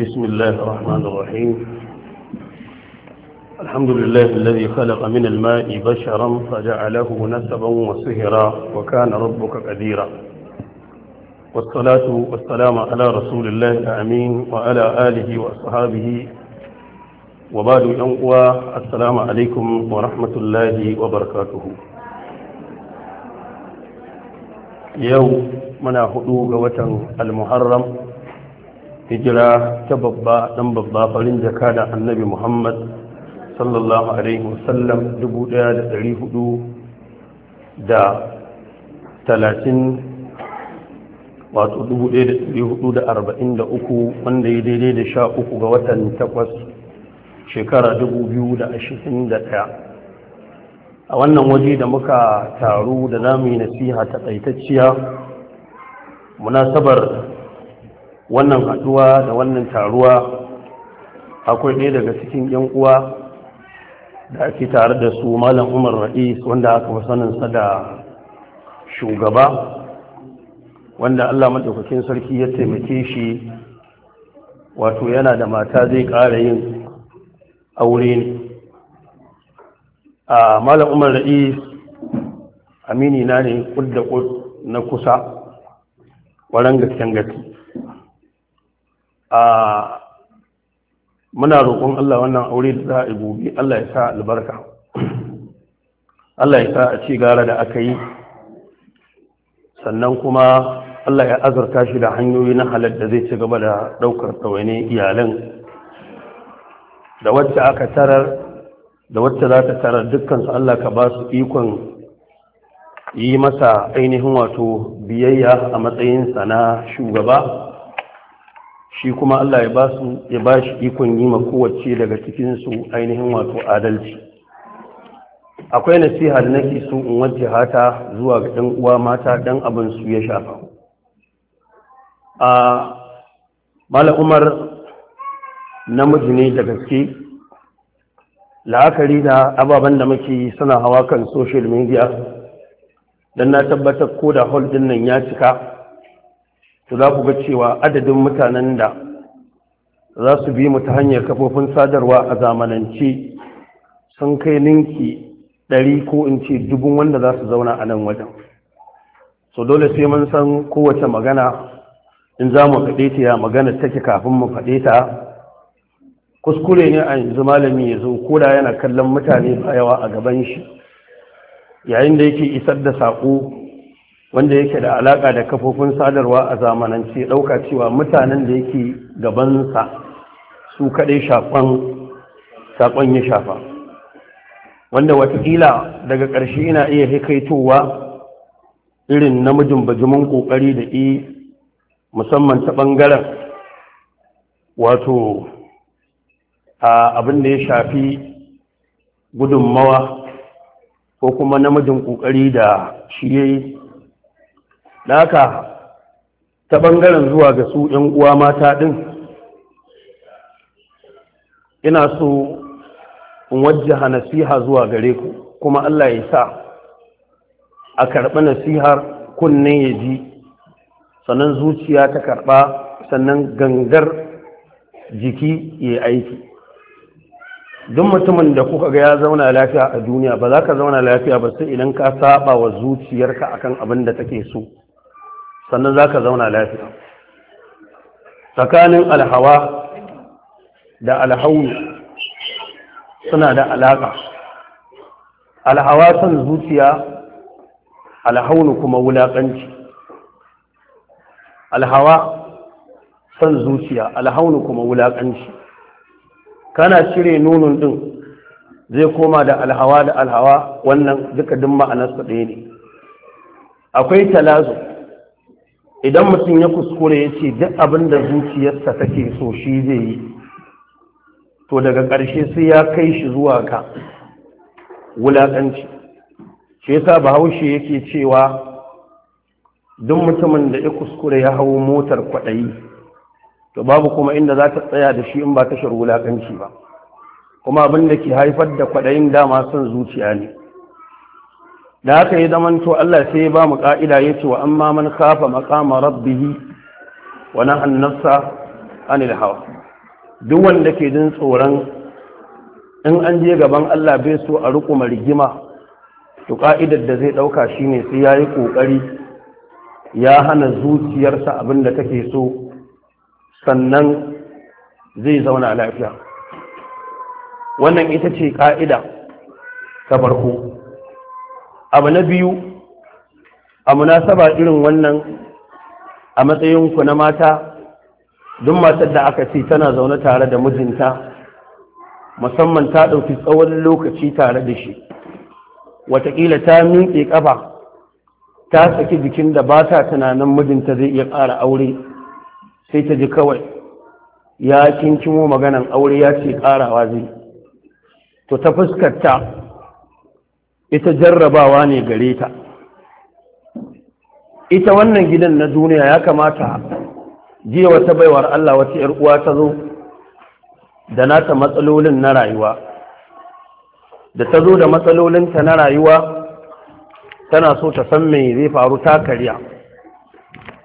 بسم الله الرحمن الرحيم الحمد لله الذي خلق من الماء بشرا فجعله نسبا وصهرا وكان ربك قديرا والصلاة والسلام على رسول الله الأمين وعلى آله وأصحابه وبعد الأنقوى السلام عليكم ورحمة الله وبركاته يوم من هدوغ وتن المحرم hijira ta babba dan babba farin jaka da annabi muhammad sallallahu alaihi wasallam 1400 da 30 wato 1443 wanda ya daidai da 13 ga watan 8 shekara 2021 a wannan waje da muka taru da zamu yi nasiha ta tsaitacciya munasabar wannan haduwa da wannan taruwa akwai ɗaya daga cikin yan uwa da ake tare da su malam umar ra'is wanda aka fi saninsa da shugaba wanda allah maɗaukakin sarki ya taimake shi wato yana da mata zai ƙara yin aure ne a malam umar ra'is aminina ne ƙudda ƙud na kusa waran gasken a muna roƙon Allah wannan aure da za a yi gobe Allah ya sa albarka Allah ya sa a ci gara da aka yi sannan kuma Allah ya azurta shi da hanyoyi na halar da zai ci gaba da ɗaukar ɗawaine iyalan da wacce aka tarar da wacce za ta tarar dukkansu Allah ka ba su ikon yi masa ainihin wato biyayya a matsayinsa na shugaba shi kuma Allah ya basu ya ba ikon yi ma kowace daga cikin su ainihin wato adalci akwai nasiha da nake so in wajjaha hata zuwa ga ɗan uwa mata dan abin su ya shafa a mala umar namiji ne da gaske la'akari da ababen da muke suna hawa kan social media don na tabbatar ko da hall din nan ya cika to za ku ga cewa adadin mutanen da za su bi mu ta hanyar kafofin sadarwa a zamanance sun kai ninki ɗari ko in ce dubun wanda za su zauna a nan wajen so dole sai mun san kowace magana in za mu faɗe ta ya magana take kafin mu faɗe ta kuskure ne a yanzu malami ya zo koda yana kallon mutane ba yawa a gaban shi yayin da yake isar da saƙo wanda yake da alaka da kafofin sadarwa a zamanance dauka cewa mutanen da yake gabansa su kadai shafan sakon ya shafa wanda watakila daga ƙarshe ina iya hikaitowa irin namijin bajimin kokari da i musamman ta bangaren wato a abin da ya shafi gudunmawa ko kuma namijin kokari da shi yayi da haka ta ɓangaren zuwa ga su ‘yan uwa mata ɗin ina so in wajjaha nasiha zuwa gare ku kuma Allah ya sa a karɓi nasihar kunne ya ji sannan zuciya ta karɓa sannan gangar jiki ya aiki duk mutumin da kuka ga ya zauna lafiya a duniya ba za ka zauna lafiya ba sai idan ka saba wa zuciyarka akan abin da take so sannan za ka zauna lafiya tsakanin alhawa da alhawu suna da alaƙa alhawa son zuciya alhaunu kuma wulaƙanci alhawa son zuciya alhaunu kuma wulaƙanci kana cire nunun ɗin zai koma da alhawa da alhawa wannan duka duk ma'anarsa ɗaya ne akwai talazo idan mutum ya kuskure ya ce duk abin da zuciyarsa take so shi zai yi to daga ƙarshe sai ya kai shi zuwa ka wulaƙanci shi yasa bahaushe yake cewa duk mutumin da ya kuskure ya hau motar kwaɗayi to babu kuma inda za ta tsaya da shi in ba tashar wulaƙanci ba kuma abin da ke haifar da kwaɗayin dama son zuciya ne da haka ya to Allah sai ya ba mu ka'ida ya ce wa amma man kafa maqama rabbih wa nahan nafsa anil hawa duk wanda ke jin tsoron in an je gaban Allah bai so a riko rigima to ka'idar da zai dauka shine sai yayi kokari ya hana zuciyarsa abin da take so sannan zai zauna lafiya wannan ita ce ka'ida ta farko abu na biyu a munasaba irin wannan a matsayinku na mata duk matar da aka ce tana zaune tare da mijinta musamman ta ɗauki tsawon lokaci tare da shi Wataƙila ta miƙe ƙafa ta saki jikin da ba ta tunanin mijinta zai iya ƙara aure sai ta ji kawai ya kinkimo maganan aure ya ce ƙarawa zai to ta fuskarta ita jarrabawa ne gare ta ita wannan gidan na duniya ya kamata jiya wata baiwar Allah wata ‘yar uwa ta zo da nata matsalolin na rayuwa da ta zo da ta na rayuwa tana so ta san mai zai faru ta kariya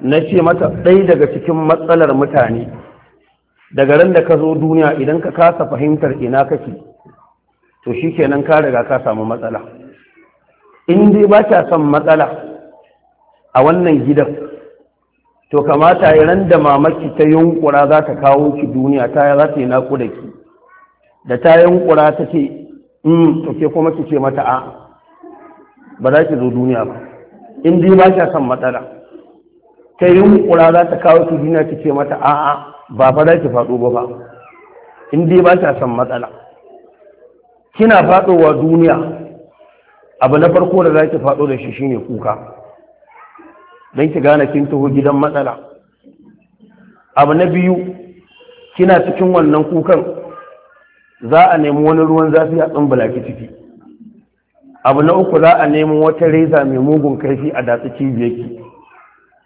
na ce mata ɗai daga cikin matsalar mutane daga ran da ka zo duniya idan ka kasa fahimtar ina kake to shi kenan ka riga ka samu matsala in dai ba ta son matsala a wannan gidan to kamata ya ran da mamaki ta yunkura za ta kawo ki duniya ta za ta yi naƙuda ki da ta yunkura ta ce in mm, to ke kuma ki ce mata a ba za ki zo duniya ba in dai ba ta son matsala ta yunkura za ta kawo ki duniya ki ce mata a'a ba fa za ki faɗo ba ba in dai ba ta son matsala kina faɗowa duniya abu na farko da za ki faɗo da shi shine kuka don ki gane kin taho gidan matsala abu na biyu kina cikin wannan kukan za a nemi wani ruwan zafi a tsumbula ki ciki abu na uku za a nemi wata reza mai mugun kaifi a datsi cibiyarki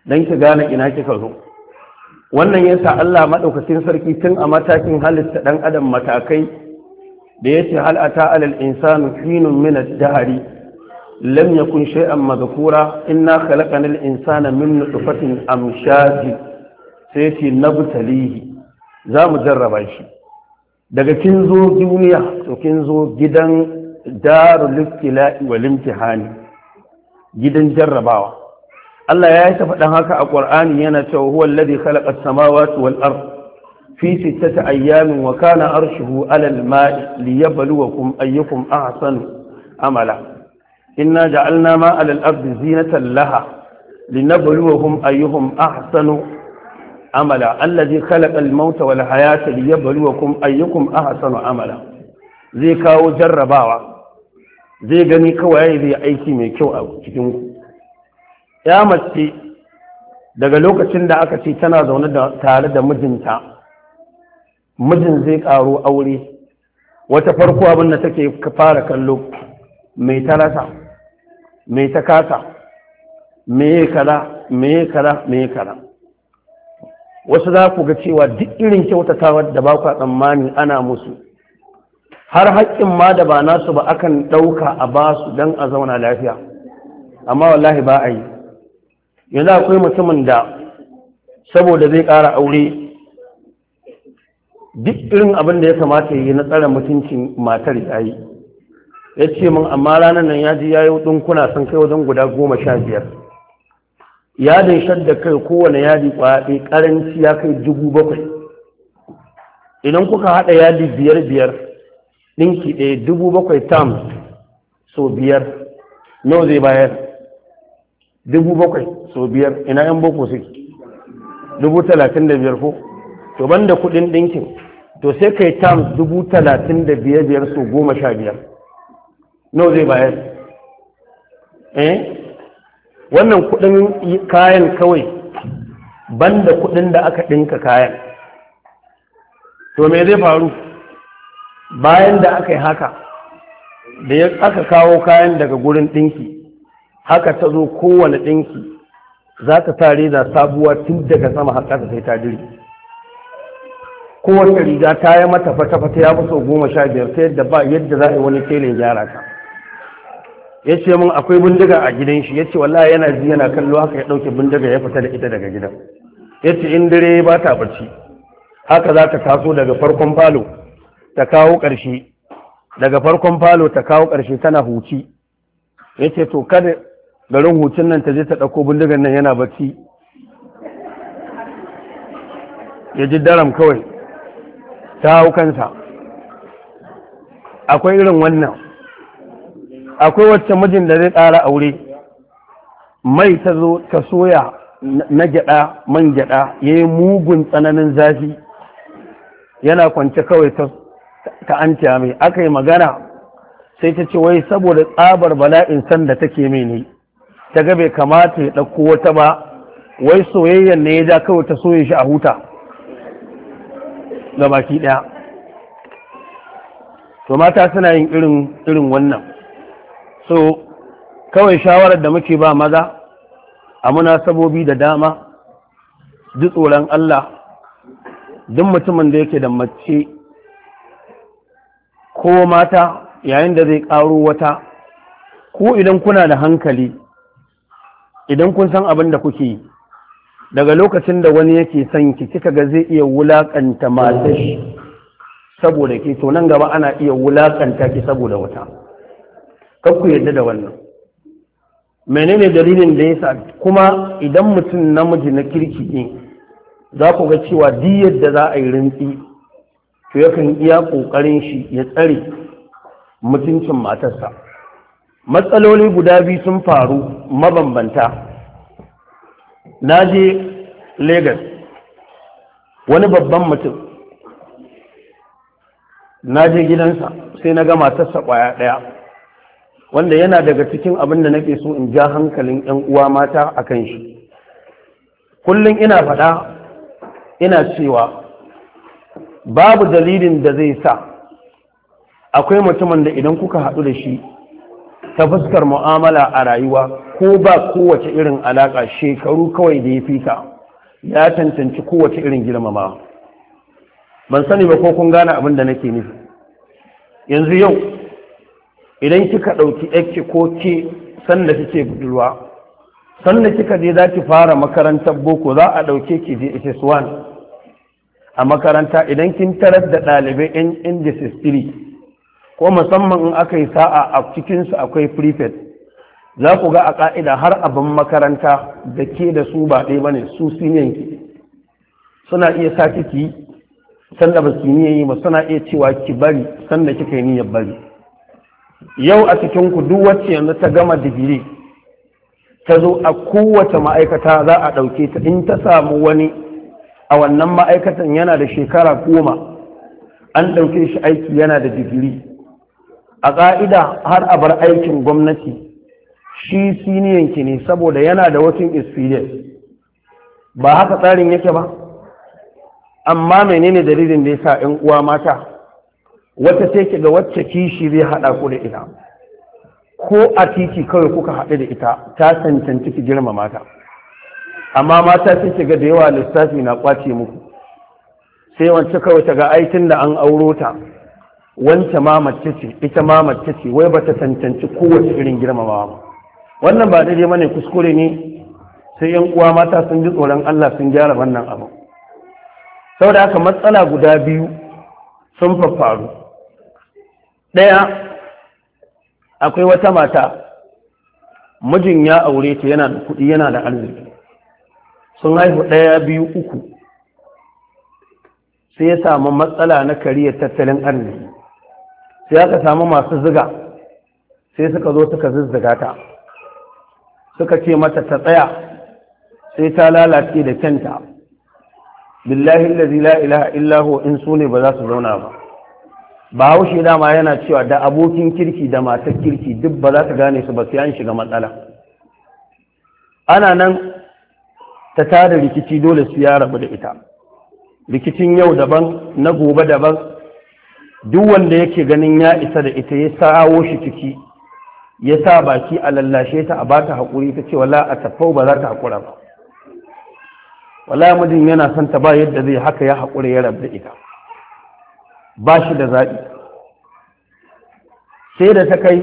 don ki gane ina kika zo wannan yasa Allah maɗaukacin sarki tun a matakin halitta ɗan adam matakai da ya ce hal'ata alal insanu hinun min dahari lam yakun shay'an madhkura inna khalaqana al-insana min nutfatin amshaj sai ce za mu jarraba shi daga kin zo duniya to kin zo gidan darul ibtila'i wal imtihani gidan jarrabawa Allah ya yi ta haka a Qur'ani yana cewa huwa alladhi khalaqa as-samawati wal ard fi sittati ayyamin wa kana arshuhu 'ala al-ma'i liyabluwakum ayyukum ahsanu amala inna ja'alna ma alal ardi zinatan laha linabluwahum ayyuhum ahsanu amala allazi khalaqa al-mauta wal hayata liyabluwakum ayyukum ahsanu amala zai kawo jarrabawa zai gani kawai zai aiki mai kyau a cikin ku ya mace daga lokacin da aka ce tana zaune tare da mijinta mijin zai karo aure wata farko abin da take fara kallo mai tarasa Mai ta kasa mai kada, mai kaza ya kada. wasu za ku ga cewa duk irin kyautatawa da ba ku tsammani ana musu har haƙƙin ma da ba nasu ba akan ɗauka a ba su don a zauna lafiya amma wallahi ba a yi yanzu akwai mutumin da saboda zai ƙara aure duk irin abin da ya kamata yi na tsara mutuncin matar ya yi ya ce min amma ranar nan ya ji ya yi kuna sun kai wajen guda goma sha biyar yadin shadda kai kowane yadi kwaɗe ƙaranci ya kai dubu bakwai idan kuka haɗa yadi biyar biyar ɗinki ɗaya dubu bakwai tam so biyar nawa zai bayar dubu bakwai so biyar ina yan boko suke dubu talatin da biyar ko to ban da kuɗin ɗinkin to sai kai tam dubu talatin da biyar biyar so goma sha biyar nau zai bayar eh wannan kudin kayan kawai banda kudin da aka dinka kayan to me zai faru bayan da aka yi haka da ya aka kawo kayan daga gurin dinki haka ta zo kowane dinki za ta sa reza sabuwa tun daga sama har ta sai ta diri kowace riga ta yi mata fata-fata ya fi sau goma sha biyar ta yadda ba yadda za a yi wani tele gyara ta ya ce min akwai bindiga a gidan shi ya ce wallahi yana ji yana kallo haka ya ɗauke bindiga ya fita da ita daga gidan ya ce in dare ba ta bacci haka za ta taso daga farkon falo ta kawo ƙarshe daga farkon falo ta kawo ƙarshe tana huci ya ce to kada garin hucin nan ta je ta ɗauko bindigan nan yana bacci ya ji daram kawai ta hau kansa akwai irin wannan akwai wacce mijin da zai tsara aure mai ta zo ta soya na gyada, man gyada, ya yi mugun tsananin zafi yana kwance kawai ta an mai aka yi magana sai ta ce wai saboda tsabar bala'in san da take mai ne ta ga bai kamata ya ɗauko wata ba wai soyayyar ne ya ja kawai ta soya shi a huta ga baki ɗaya to mata suna yin irin wannan so kawai shawarar da muke ba maza a munasabobi da dama duk tsoron Allah duk mutumin da yake da mace ko mata yayin da zai ƙaro wata ko idan kuna da hankali idan kun san abin da kuke yi daga lokacin da wani yake son ki kika ga zai iya wulakanta matashi saboda ke to nan gaba ana iya wulaƙanta ki saboda wata kan ku yarda da wannan menene dalilin da ya sa kuma idan mutum namiji na kirki ne za ku ga cewa duk yadda za a yi rantsi, to yakan iya ƙoƙarin shi ya tsare mutuncin matarsa matsaloli guda biyu sun faru mabambanta na je Legas wani babban mutum na je gidansa sai na ga matarsa ƙwaya ɗaya wanda yana daga cikin abin da nake so in ja hankalin 'yan uwa mata a kan shi kullum ina faɗa ina cewa babu dalilin da zai sa akwai mutumin da idan kuka haɗu da shi ta fuskar mu'amala a rayuwa ko ba kowace irin alaƙa shekaru kawai da ya fi ka ya cancanci kowace irin girmama ban sani ba ko kun gane abin da nake nufi yanzu yau idan kika ɗauki yake ko ke sanda kike budurwa sanda kika je za ki fara makarantar boko za a ɗauke ki je ss1 a makaranta idan kin tarar da ɗalibai yan indices 3 ko musamman in aka yi sa'a a cikinsu akwai prefect za ku ga a ƙa'ida har abin makaranta da ke da su ba ɗaya bane su siniyanki suna iya sa kiki sanda ba su yi ba suna iya cewa ki bari sanda kika yi niyyar bari yau a cikin ku duk wacce yanzu ta gama digiri ta zo a kowace ma'aikata za a ɗauke ta in ta samu wani a wannan ma'aikatan yana da shekara goma an ɗauke shi aiki yana da digiri a ƙa'ida har a bar aikin gwamnati shi siniyanki ne saboda yana da wasu experience ba haka tsarin yake ba amma menene dalilin da ya sa 'yan uwa mata wata sai ki ga wacce kishi zai haɗa ku da ita ko a titi kawai kuka haɗu da ita ta cancanci ki girmamata. mata amma mata sai ki ga da yawa lissafi na kwace muku sai wance kawai ta ga aikin da an auro ta wance ma mace ce ita ma mace ce wai ba ta cancanci kowace irin girmamawa ba wannan ba daidai bane kuskure ne sai yan uwa mata sun ji tsoron Allah sun gyara wannan abu saboda haka matsala guda biyu sun faffaru ɗaya akwai wata mata mijin ya aure ta yana da kuɗi yana da arziki sun haihu ɗaya biyu uku sai ya samu matsala na kariya tattalin arziki sai aka samu masu ziga sai suka zo suka zizziga ta suka ce mata ta tsaya sai ta lalace da kyanta billahi la ilaha illahu in su ne ba za su zauna ba ba haushe dama yana cewa da abokin kirki da matar kirki duk ba za ka gane su ba su an shiga matsala ana nan ta tada rikici dole su ya rabu da ita rikicin yau daban na gobe daban duk wanda yake ganin ya isa da ita ya sawo shi ciki ya sa baki a lallashe ta a bata haƙuri ta ce wala a tafau ba za ta haƙura ba wala mijin yana son ta ba yadda zai haka ya haƙura ya rabu da ita ba shi da zaɓi sai da ta kai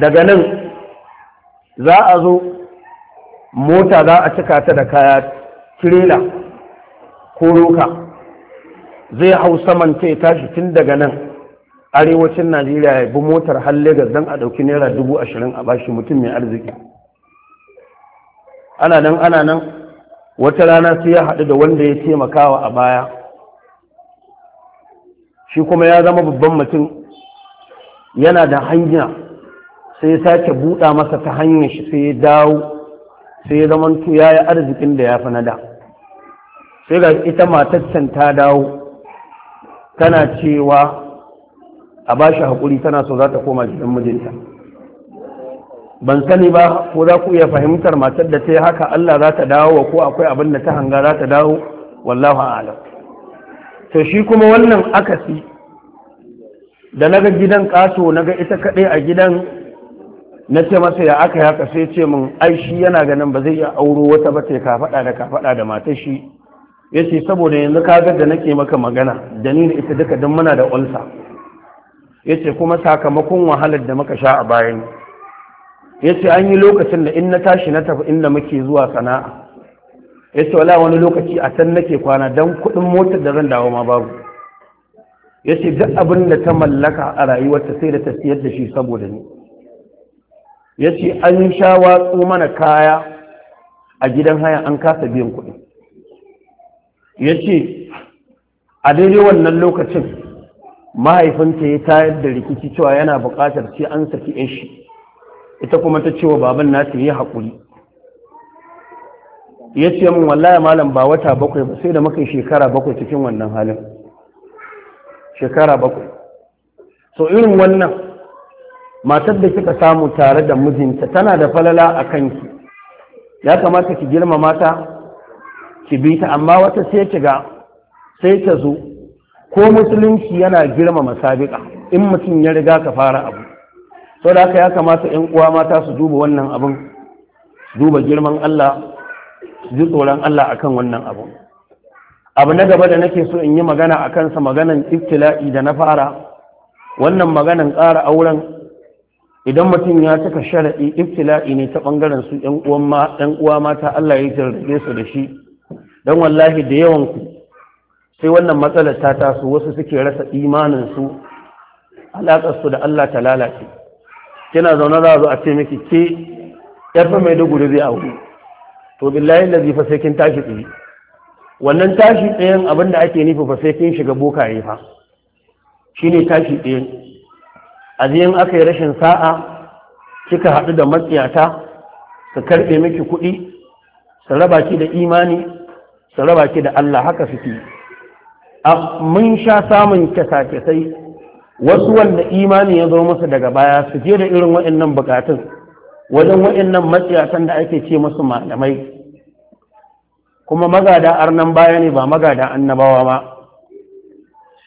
daga nan za a zo mota za a cika ta da kaya tirela ko roka zai hau saman ta tashi tun daga nan arewacin najeriya ya bi motar har Legas don a ɗauki naira dubu ashirin a bashi mutum mai arziki ana nan ana nan wata rana sai ya haɗu da wanda ya taimakawa a baya shi kuma ya zama babban mutum yana da hanya sai ya sake buɗa masa ta hanyar shi sai ya dawo sai ya zama ya yi arzikin da ya fi na sai ga ita matattan ta dawo tana cewa a ba shi haƙuri tana so za ta koma jikin mijinta ban sani ba ko za ku iya fahimtar matar da ta yi haka Allah za ta dawo ko akwai abin da ta hanga za ta dawo wallahu a'lam to shi kuma wannan akasi da naga gidan kaso naga ita kaɗai a gidan na ce masa ya aka haka sai ce min ai shi yana ganin ba zai iya auro wata ba ce ka faɗa da ka faɗa da matar shi Yace ce saboda yanzu ka ga da nake maka magana da ni da ita duka don muna da ulsa ya ce kuma sakamakon wahalar da muka sha a bayan Yace ce an yi lokacin da in na tashi na tafi inda muke zuwa sana'a ya ce wala wani lokaci a can nake kwana don kuɗin motar da zan dawo ma babu ya ce duk abin da ta mallaka a rayuwarta sai da ta siyar da shi saboda ni ya ce an sha watsu mana kaya a gidan haya an kasa biyan kuɗi ya ce a daidai wannan lokacin mahaifinta ya tayar da rikici cewa yana buƙatar sai an saki shi ita kuma ta cewa baban nata yi haƙuri ya ce min wallahi malam ba wata bakwai ba sai da muka shekara bakwai cikin wannan halin shekara bakwai so irin wannan matar da kika samu tare da mijinta tana da falala a kanki ya kamata ki girma mata ki bi ta amma wata sai ki ga sai ta zo ko musulunci yana girmama sabiƙa in mutum ya riga ka fara abu sau da haka ya kamata 'yan uwa mata su duba wannan abin duba girman Allah ji tsoron Allah a kan wannan abu abu na gaba da nake so in yi magana a kansa maganan iftila'i da na fara wannan maganan ƙara auren idan mutum ya cika sharaɗi iftila'i ne ta ɓangaren su ‘yan uwa mata Allah ya jarrabe su da shi don wallahi da yawan ku sai wannan matsalar ta taso wasu suke rasa imaninsu, alaƙarsu da Allah ta lalace kina zaune za a zo a ce miki ke fa mai duguri zai wuri. to billahi lazi fa sai kin tashi tsaye wannan tashi tsayen abin da ake nufi fa sai kin shiga bokaye fa shine tashi tsayen aziyan aka yi rashin sa'a kika haɗu da matsiyata ka karɓe miki kuɗi su raba ki da imani su raba ki da Allah haka suke mun sha samun kyasa-kyasai wasu wanda imani ya zo musu daga baya su je da irin waɗannan bukatun wajen waɗannan matsiyasan da ake ce masu malamai kuma magada arnan baya ne ba magada annabawa ba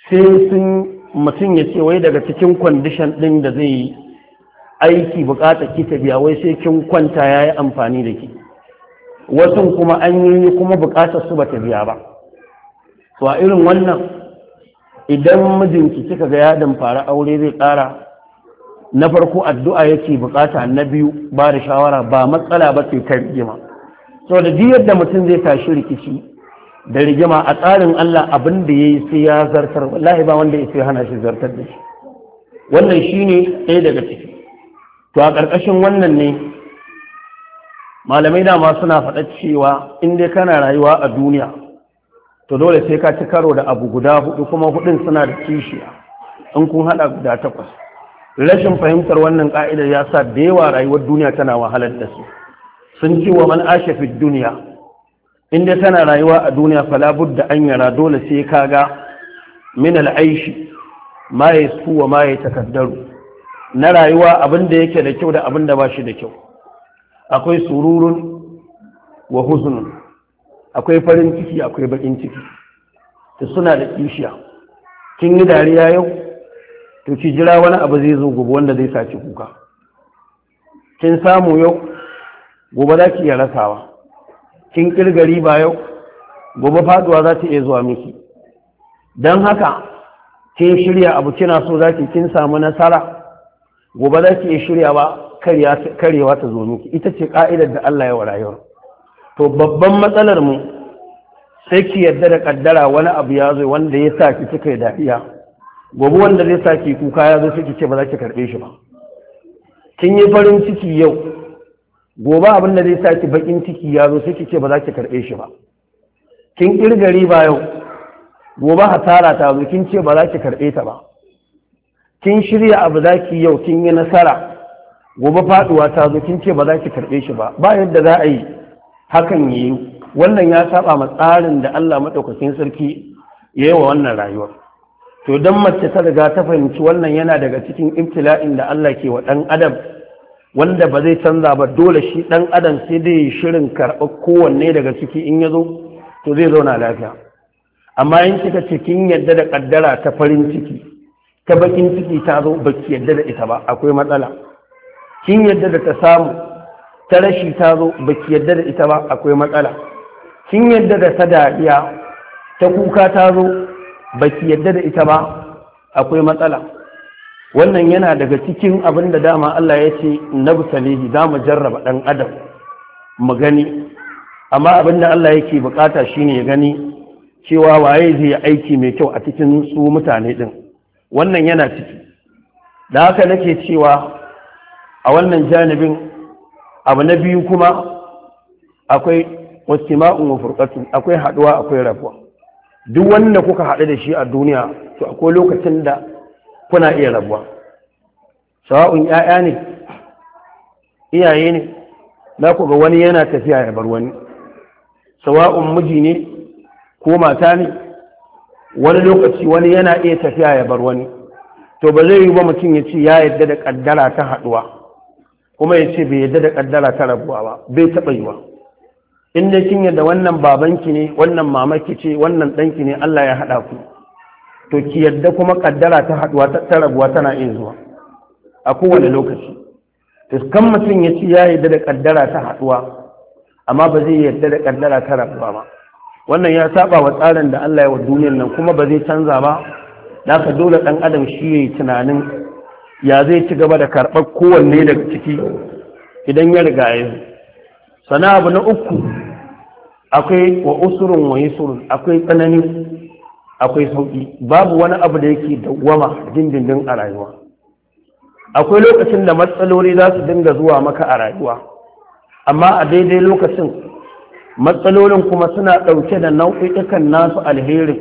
sai sun mutum ya ce wai daga cikin kwandishan ɗin da zai yi aiki buƙatar ki ta biya wai sai kin kwanta ya yi amfani da ki wasu kuma an yi kuma buƙatar su ba ta biya ba to irin wannan idan mijinki kika ga yadin fara aure zai ƙara na farko addu'a yake bukata na biyu ba da shawara ba matsala ba ce ta rigima so da duk yadda mutum zai tashi rikici da rigima a tsarin Allah abin da yayi sai ya zartar wallahi ba wanda yake hana shi zartar da shi wannan shine ɗaya daga ciki to a ƙarƙashin wannan ne malamai dama suna faɗa cewa in dai kana rayuwa a duniya to dole sai ka ci karo da abu guda hudu kuma hudun suna da kishiya in kun haɗa guda takwas rashin fahimtar wannan ka'idar ya sa da yawa rayuwar duniya tana wahalar da su sun ce wa man ashe fi duniya inda tana rayuwa a duniya fala da an yara dole sai ka min al'aishi ma ya su wa ma ya na rayuwa abin da yake da kyau da abin da ba shi da kyau akwai sururun wa huzunun akwai farin ciki akwai bakin ciki da suna da kishiya kin yi dariya yau to ki jira wani abu zai zo gobe wanda zai saci kuka kin samu yau gobe za ki iya rasawa kin kirgari riba yau gobe faduwa za ta iya zuwa miki don haka kin shirya abu kina so za ki kin samu nasara gobe za ki iya shirya ba karewa ta zo miki ita ce ka'idar da Allah ya wa rayuwar to babban matsalar mu sai ki yadda da kaddara wani abu ya zo wanda ya sa ki cika dariya gobe wanda zai sa kuka ya zo sai ki ce ba za ki karbe shi ba kin yi farin ciki yau gobe abin da zai sa ki bakin ciki ya zo sai ki ce ba za ki karbe shi ba kin kirgari riba yau gobe hasara ta zo kin ce ba za ki karbe ta ba kin shirya abu za ki yau kin yi nasara gobe faduwa ta zo kin ce ba za ki karbe shi ba ba yadda za a yi hakan yi wannan ya saba ma tsarin da Allah madaukakin sarki yayin wa wannan rayuwar to don mace ta riga ta fahimci wannan yana daga cikin ibtila'in da Allah ke wa ɗan adam wanda ba zai canza ba dole shi ɗan adam sai dai shirin karɓar kowanne daga ciki in ya zo to zai zauna lafiya amma in kika ce kin yadda da kaddara ta farin ciki ta bakin ciki ta zo baki yadda da ita ba akwai matsala kin yadda da ta samu ta rashi ta zo baki yadda da ita ba akwai matsala kin yadda da ta dariya ta kuka ta zo baki yadda da ita ba akwai matsala wannan yana daga cikin abin da dama Allah ya ce na busalihi za mu jarraba ɗan adam mu gani amma abin da Allah yake bukata shine ya gani cewa waye zai yi aiki mai kyau a cikin su mutane ɗin wannan yana ciki da haka nake cewa a wannan janibin abu na biyu kuma akwai wasu ma'un akwai haɗuwa akwai rabuwa duk wanda kuka haɗu da shi a duniya to akwai lokacin da kuna iya rabuwa sawa'un ‘ya'ya ne iyaye ne Na ku ga wani yana tafiya ya bar wani sawa'un miji ne ko mata ne wani lokaci wani yana iya tafiya ya bar wani to ba zai yi ba mutum ya ce ya yadda da ƙaddara ta haɗuwa kuma ya ce bai yadda da ƙaddara ta rabuwa ba bai taɓa yi ba in dai kin yadda wannan babanki ne wannan mamaki ce wannan ɗanki ne Allah ya haɗa ku to ki yadda kuma kaddara ta haɗuwa ta tarabuwa tana iya zuwa a kowane lokaci to kan mutum ya ci ya yarda da kaddara ta haɗuwa amma ba zai yadda da kaddara ta rabuwa ba wannan ya saba wa tsarin da Allah ya wa duniyar nan kuma ba zai canza ba da ka dole ɗan adam shi ya yi tunanin ya zai ci gaba da karɓar kowanne daga ciki idan ya riga ya sana abu na uku akwai wa usurun wa yusurun akwai tsanani akwai sauki babu wani abu da yake da wama dindindin a rayuwa akwai lokacin da matsaloli za su dinga zuwa maka a rayuwa amma a daidai lokacin matsalolin kuma suna ɗauke da nau'ikan nasu alherin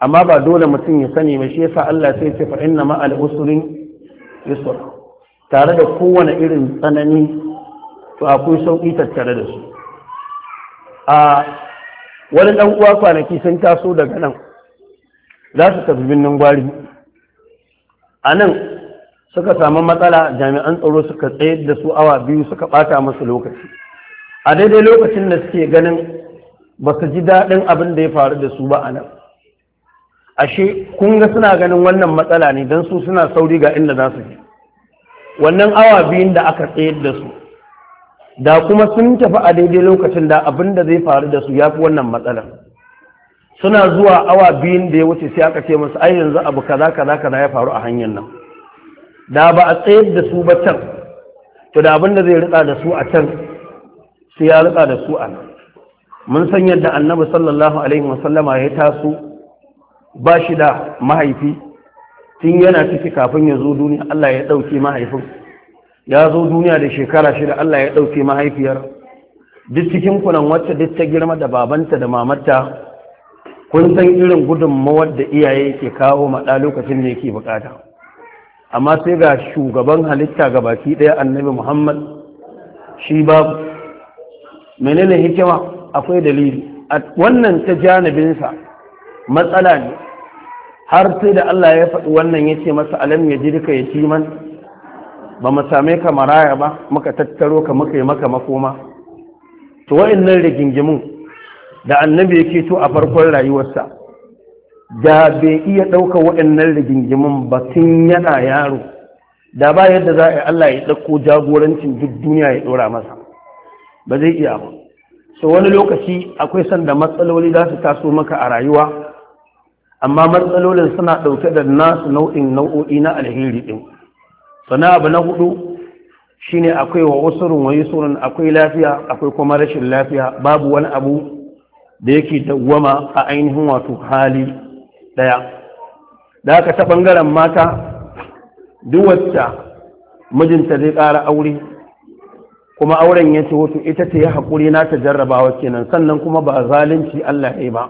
amma ba dole mutum ya sani mai shi yasa Allah sai ce fa inna ma al-usrin tare da kowane irin tsanani to akwai sauki tattare da su a wani ɗan uwa kwanaki sun taso daga nan za su tafi birnin gwari a nan suka samu matsala jami'an tsaro suka tsayar da su awa biyu suka ɓata masu lokaci a daidai lokacin da suke ganin ba su ji daɗin abin da ya faru da su ba a nan ashe kun ga suna ganin wannan matsala ne don su suna sauri ga inda za su je wannan awa biyun da aka tsayar da su da kuma sun tafi a daidai lokacin da abin da zai faru da su ya fi wannan matsalar suna zuwa awa biyun da ya wuce sai aka ce masu ai yanzu abu kaza kaza kaza ya faru a hanyar nan da ba a tsayar da su ba can to da abin da zai rika da su a can sai ya rika da su a nan mun san yadda annabi sallallahu alaihi wasallama ya taso ba shi da mahaifi tun yana ciki kafin ya zo duniya Allah ya ɗauke mahaifin ya zo duniya da shekara shida Allah ya ɗauke mahaifiyar duk cikin kunan wacce duk ta girma da babanta da mamarta kun san irin gudunmawar da iyaye ke kawo maɗa lokacin da yake bukata amma sai ga shugaban halitta ga baki ɗaya annabi muhammad shi babu menene hikima akwai dalili wannan ta janibinsa matsala ne har sai da Allah ya faɗi wannan ya ce masa alam ya jirka ya ciman ba mu same ka maraya ba muka tattaro ka muka yi maka makoma to wa'annan rigingimun da annabi yake to a farkon rayuwarsa da bai iya ɗaukar wa'annan rigingimun ba tun yana yaro da ba yadda za a yi Allah ya ɗauko jagorancin duk duniya ya ɗora masa ba zai iya ba so wani lokaci akwai sanda matsaloli za su taso maka a rayuwa amma matsalolin suna ɗauke da nasu nau'in nau'o'i na alheri ɗin sannan abu na hudu shine akwai wa wasu wani sunan akwai lafiya akwai kuma rashin lafiya babu wani abu da yake dawwama a ainihin wato hali daya da aka ta bangaren mata duk mijinta zai ƙara aure kuma auren ya ce wato ita ta yi haƙuri na ta jarrabawa kenan sannan kuma ba zalunci Allah ya yi ba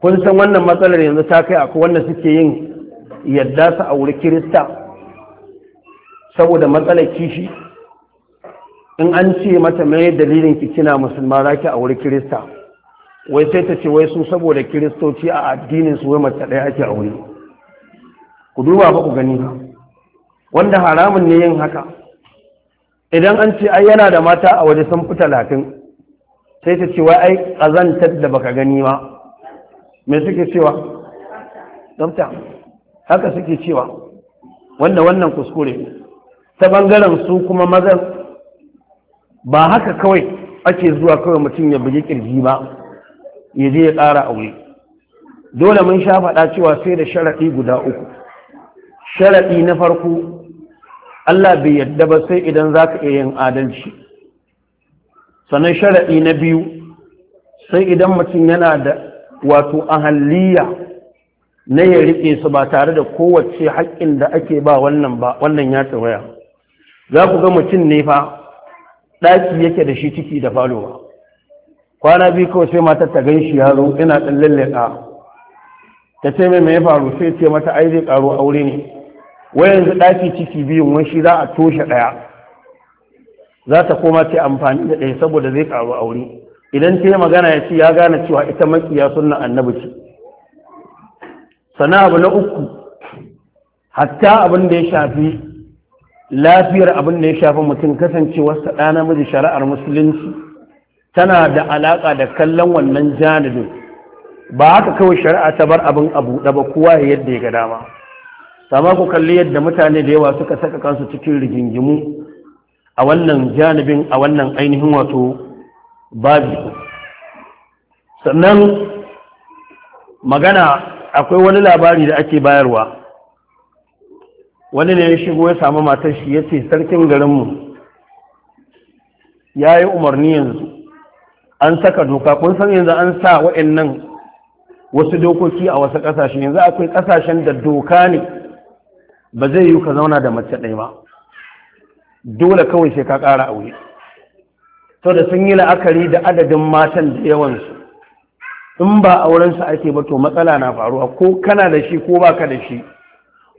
kun san wannan matsalar yanzu ta kai akwai wanda suke yin yadda su aure kirista saboda matsalar kishi in an ce mata mai dalilin ki kina musulma za ki wuri kirista wai sai ta ce wai su saboda kiristoci a addinin su wai mace ɗaya ake aure ku duba ba ku gani wanda haramun ne yin haka idan an ce ai yana da mata a waje sun fi talatin sai ta ce wai ai ƙazantar da baka gani ba. me suke cewa tsafta haka suke cewa wanda wannan kuskure ne ta bangaren su kuma mazan ba haka kawai ake zuwa kawai mutum ya bugi kirji ba ya je ya ƙara aure dole mun sha faɗa cewa sai da sharaɗi guda uku sharaɗi na farko Allah bai yadda ba sai idan za ka iya yin adalci sannan sharaɗi na biyu sai idan mutum yana da wato ahalliya na ya riƙe su ba tare da kowace haƙƙin da ake ba wannan ba wannan ya tawaya za ku ga mutum ne fa ɗaki yake da shi ciki da falowa kwana biyu kawai sai mata ta gan shi yaro ina ɗan lallaka ta ce mai mai faru sai ce mata ai zai ƙaro aure ne wai yanzu ɗaki ciki biyun wani za a toshe ɗaya za ta koma ce amfani da ɗaya saboda zai ƙaro aure idan ta yi magana ya ce ya gane cewa ita makiya suna annabi ce sana abu na uku hatta abin da ya shafi lafiyar abin da ya shafi mutum kasancewarsa ɗa miji shari'ar musulunci tana da alaƙa da kallon wannan janibin ba haka kawai shari'a ta bar abin abu da ba kowa yadda ya ga dama sama ku kalli yadda mutane da yawa suka saka kansu cikin rigingimu a wannan janibin a wannan ainihin wato babi sannan magana akwai wani labari da ake bayarwa wani ne ya shigo ya samu matar shi ya ce sarkin garinmu ya yi umarni yanzu an saka doka kun san yanzu an sa wa'annan wasu dokoki a wasu ƙasashen, yanzu akwai ƙasashen da doka ne ba zai yi ka zauna da mace ɗaya ba dole kawai sai ka ƙara aure to da sun yi la'akari da adadin matan da yawansu in ba aurensu ake ba to matsala na faruwa ko kana da shi ko ba ka da shi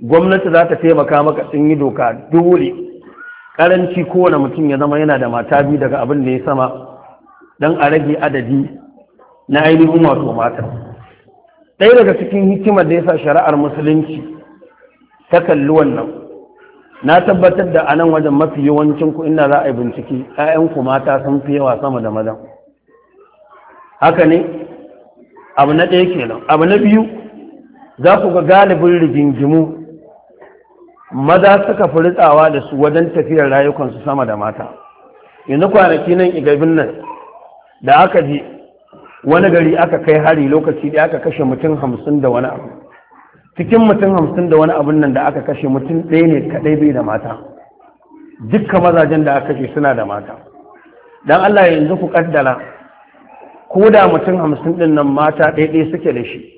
gwamnati za ta taimaka maka sun yi doka dole karanci kowane mutum ya zama yana da mata biyu daga abin da ya sama don a rage adadi na ainihin wato mata ɗaya daga cikin hikimar da ya sa shari'ar musulunci ta kalli wannan na tabbatar da anan wajen mafi yawancin ku inda za a yi bincike Ya'yanku mata sun fi yawa sama da mazan haka ne abu na ɗaya kenan abu na biyu za ku ga galibin rigingimu maza suka fi ritsawa da su wajen tafiyar rayukansu sama da mata yanzu kwanaki nan igabin nan da aka ji wani gari aka kai hari lokaci da aka kashe mutum hamsin da wani abu cikin mutum hamsin da wani abun nan da aka kashe mutum ɗaya ne kaɗai bai da mata dukka mazajen da aka kashe suna da mata don allah yanzu ku kaddala ko da mutum hamsin ɗin nan mata ɗaya suke da shi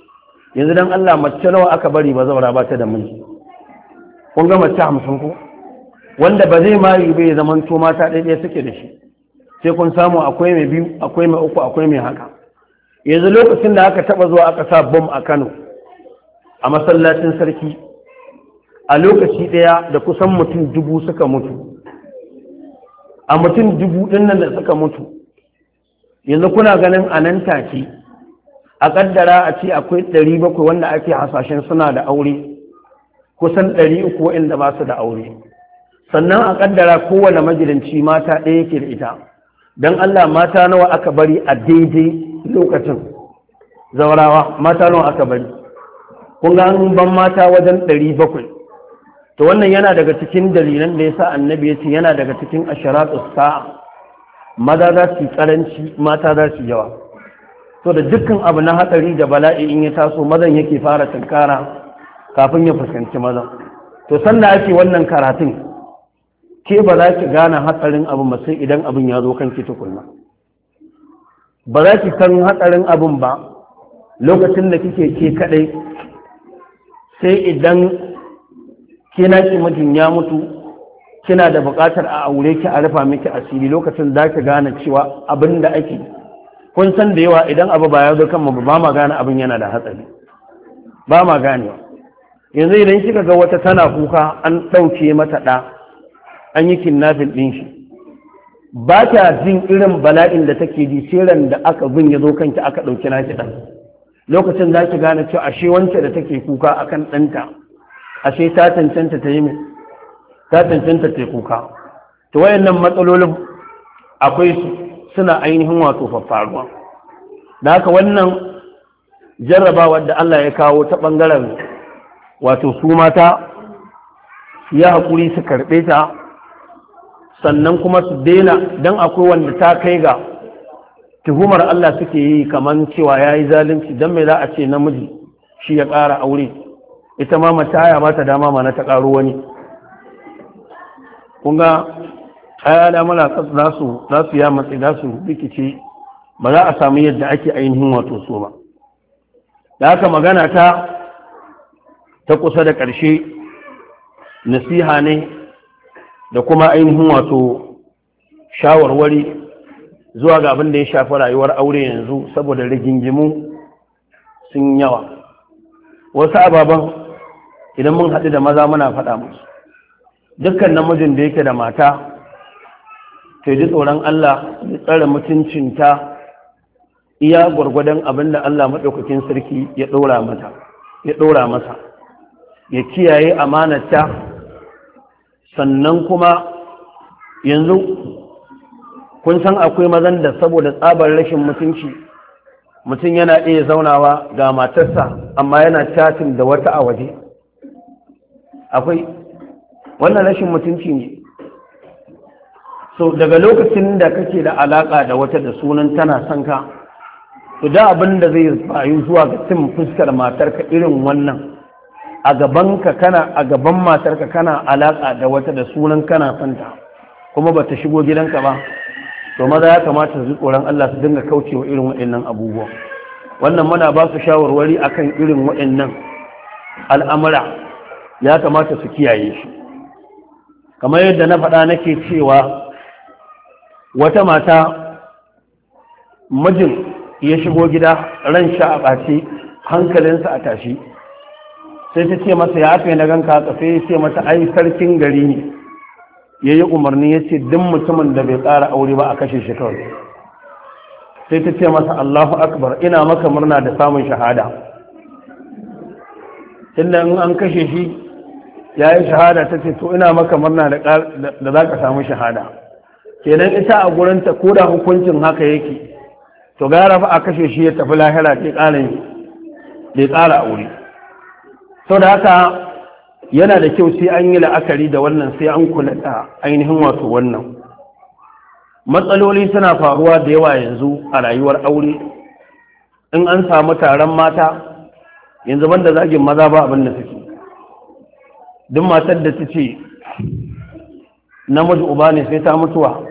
yanzu don allah mace nawa aka bari ba zaura ba ta da miji kun gama mace hamsin ku wanda ba zai mayu bai zaman to mata ɗaya suke da shi sai kun samu akwai mai biyu akwai mai uku akwai mai haka yanzu lokacin da aka taba zuwa aka sa bom a kano a masallacin sarki a lokaci ɗaya da kusan mutum dubu suka mutu a mutum dubu ɗin nan da suka mutu yanzu kuna ganin a nan take a kaddara a ce akwai ɗari bakwai wanda ake hasashen suna da aure kusan ɗari uku waɗanda ba su da aure sannan a ƙaddara kowane majalinci mata ɗaya ke da ita don Allah mata nawa aka bari a daidai lokacin zaurawa mata nawa aka bari kun ga an ban mata wajen ɗari bakwai to wannan yana daga cikin dalilan da ya sa annabi ya ce yana daga cikin ashirar sa'a maza za su yi karanci mata za su yawa to da dukkan abu na hatsari da bala'i in ya taso mazan yake fara tunkara kafin ya fuskanci maza to sanda ake wannan karatun ke ba za ki gane hatsarin abin ba sai idan abin ya zo kan ki tukunna ba za ki san hatsarin abin ba lokacin da kike ke kadai sai idan kina ki mutum ya mutu kina da buƙatar a aure ki a rufa miki asiri lokacin za ki gane cewa abin da ake kun san da yawa idan abu ba ya zo kan ba ma gane abin yana da hatsari ba ma ganewa yanzu idan kika ga wata tana kuka an ɗauke mata ɗa an yi kinnafin ɗin shi ba ta jin irin bala'in da take ji sai da aka bin ya zo kanki aka ɗauki naki ɗan lokacin za ki gane cewa ashe wance da take kuka akan ɗanta ashe ta cancanta ta yi ta cancanta ta kuka Ta wayannan matsalolin akwai suna ainihin wato faruwa da haka wannan jarrabawar da Allah ya kawo ta ɓangaren wato su mata ya hakuri su karɓe ta sannan kuma su daina don akwai wanda ta kai ga tuhumar Allah suke yi kamar cewa ya yi zalunci don mai za a ce namiji shi ya ƙara aure ita ma mataya ba ta dama mana ta ƙaro wani kunga aya da za su za su ya matsi za su rikice ba za a sami yadda ake ainihin wato so ba da haka magana ta ta kusa da ƙarshe nasiha ne da kuma ainihin wato shawarwari zuwa ga abin da ya shafi rayuwar aure yanzu saboda rigingimu sun yawa wasu ababen idan mun haɗu da maza muna faɗa musu dukkan namijin da yake da mata ta ji tsoron Allah da tsare mutuncinta iya gwargwadon abin da Allah maɗaukakin sarki ya ɗora masa ya kiyaye amanata sannan kuma yanzu kun san akwai mazan da saboda tsabar rashin mutunci mutum yana iya zaunawa ga matarsa amma yana chatin da wata a waje akwai wannan rashin mutunci ne so daga lokacin da kake da alaka da wata da sunan tana sanka ka to da abin da zai fayu zuwa ga cin fuskar matarka irin wannan a gabanka kana a gaban matarka kana alaka da wata da sunan kana santa kuma ba ta shigo gidanka ba to maza ya kamata su tsoron Allah su dinga kaucewa irin waɗannan abubuwa wannan muna ba su shawarwari akan irin waɗannan al'amura ya kamata su kiyaye shi kamar yadda na faɗa nake cewa wata mata mijin ya shigo gida ran sha a ɓace hankalinsa a tashi sai ta ce masa ya fi na ganka ka sai ya ce mata ai sarkin gari ne ya yi umarni ya ce duk mutumin da bai tsara aure ba a kashe shi kawai sai ta ce masa allahu akbar ina maka murna da samun shahada inda in an kashe shi ya yi shahada ta ce to ina maka murna da za ka samu shahada kenan ita a gurinta ko da hukuncin haka yake to gara fa a kashe shi ya tafi lahira ke ƙara aure sau da haka yana da kyau sai an yi la'akari da wannan sai an kula da ainihin wato wannan matsaloli suna faruwa da yawa yanzu a rayuwar aure in an samu taron mata yanzu banda zagin maza ba abin da suke duk matar da ta ce namiji uba ne sai ta mutuwa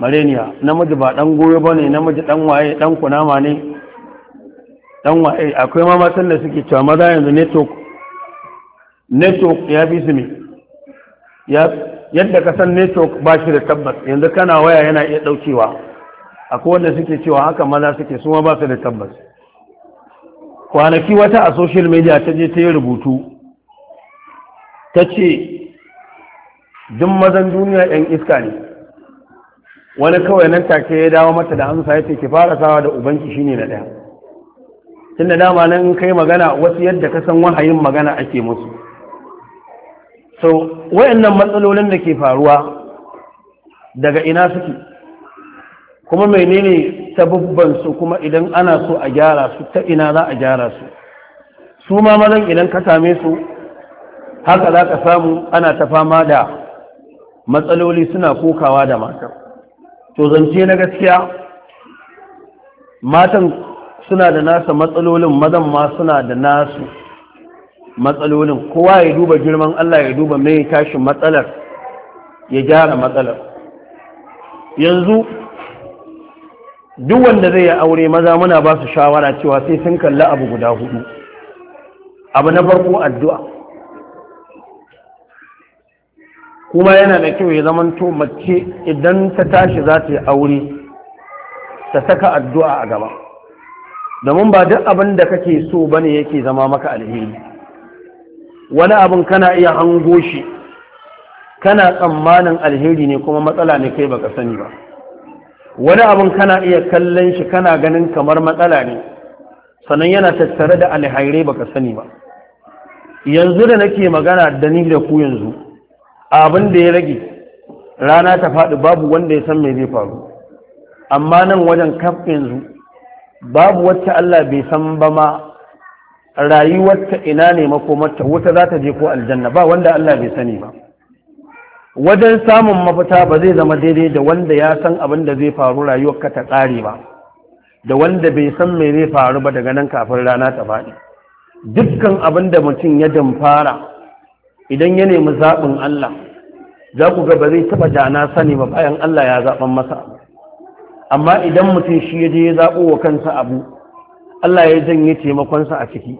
mareniya namiji ba ɗan goyo ba ne namiji ɗan waye ɗan kunama ne dan wa'i akwai ma matan da suke cewa maza yanzu network network ya fi su ne yadda ka san network ba shi da tabbas yanzu kana waya yana iya daukewa akwai wanda suke cewa haka maza suke su ma ba su da tabbas kwanaki wata a social media ta je ta yi rubutu ta ce duk mazan duniya yan iska ne wani kawai nan take ya dawo mata da amsa ya ce ki fara sawa da ubanki shine na ɗaya tun da dama nan kai magana wasu yadda ka san wahayin magana ake musu so wayannan matsalolin da ke faruwa daga ina suke kuma menene sabubban su kuma idan ana so a gyara su ta ina za a gyara su su ma mazan idan ka same su haka za ka samu ana ta fama da matsaloli suna kokawa da matan? to zance na gaskiya matan suna da nasa matsalolin mazan ma suna da nasu matsalolin kowa ya duba girman Allah ya duba mai tashin matsalar ya gyara matsalar yanzu duk wanda zai yi aure maza muna ba su shawara cewa sai sun kalli abu guda hudu abu na farko addu'a kuma yana da kyau ya zamanto mace idan ta tashi za ta yi aure ta saka addu'a a gaba domin ba duk abin da kake so bane yake zama maka alheri wani abin kana iya hango shi kana tsammanin alheri ne kuma matsala ne kai baka sani ba wani abin kana iya kallon shi kana ganin kamar matsala ne sannan yana tattare da alhairai baka sani ba yanzu da nake magana da ni da ku yanzu abin da ya rage rana ta faɗi babu wanda ya san me zai faru amma nan wajen kaf yanzu babu wacce Allah bai san ba ma rayuwarta ina ne mata. wuta za ta je ko aljanna ba wanda Allah bai sani ba wajen samun mafita ba zai zama daidai da wanda ya san abin da zai faru rayuwarka ta ƙare ba da wanda bai san mai zai faru ba daga nan kafin rana ta faɗi dukkan abin da mutum ya damfara idan ya nemi zaɓin Allah za ku ga ba zai taɓa jana sani ba bayan Allah ya zaɓan masa amma idan mutum shi ya je ya zaɓo wa kansa abu Allah ya janye taimakonsa a ciki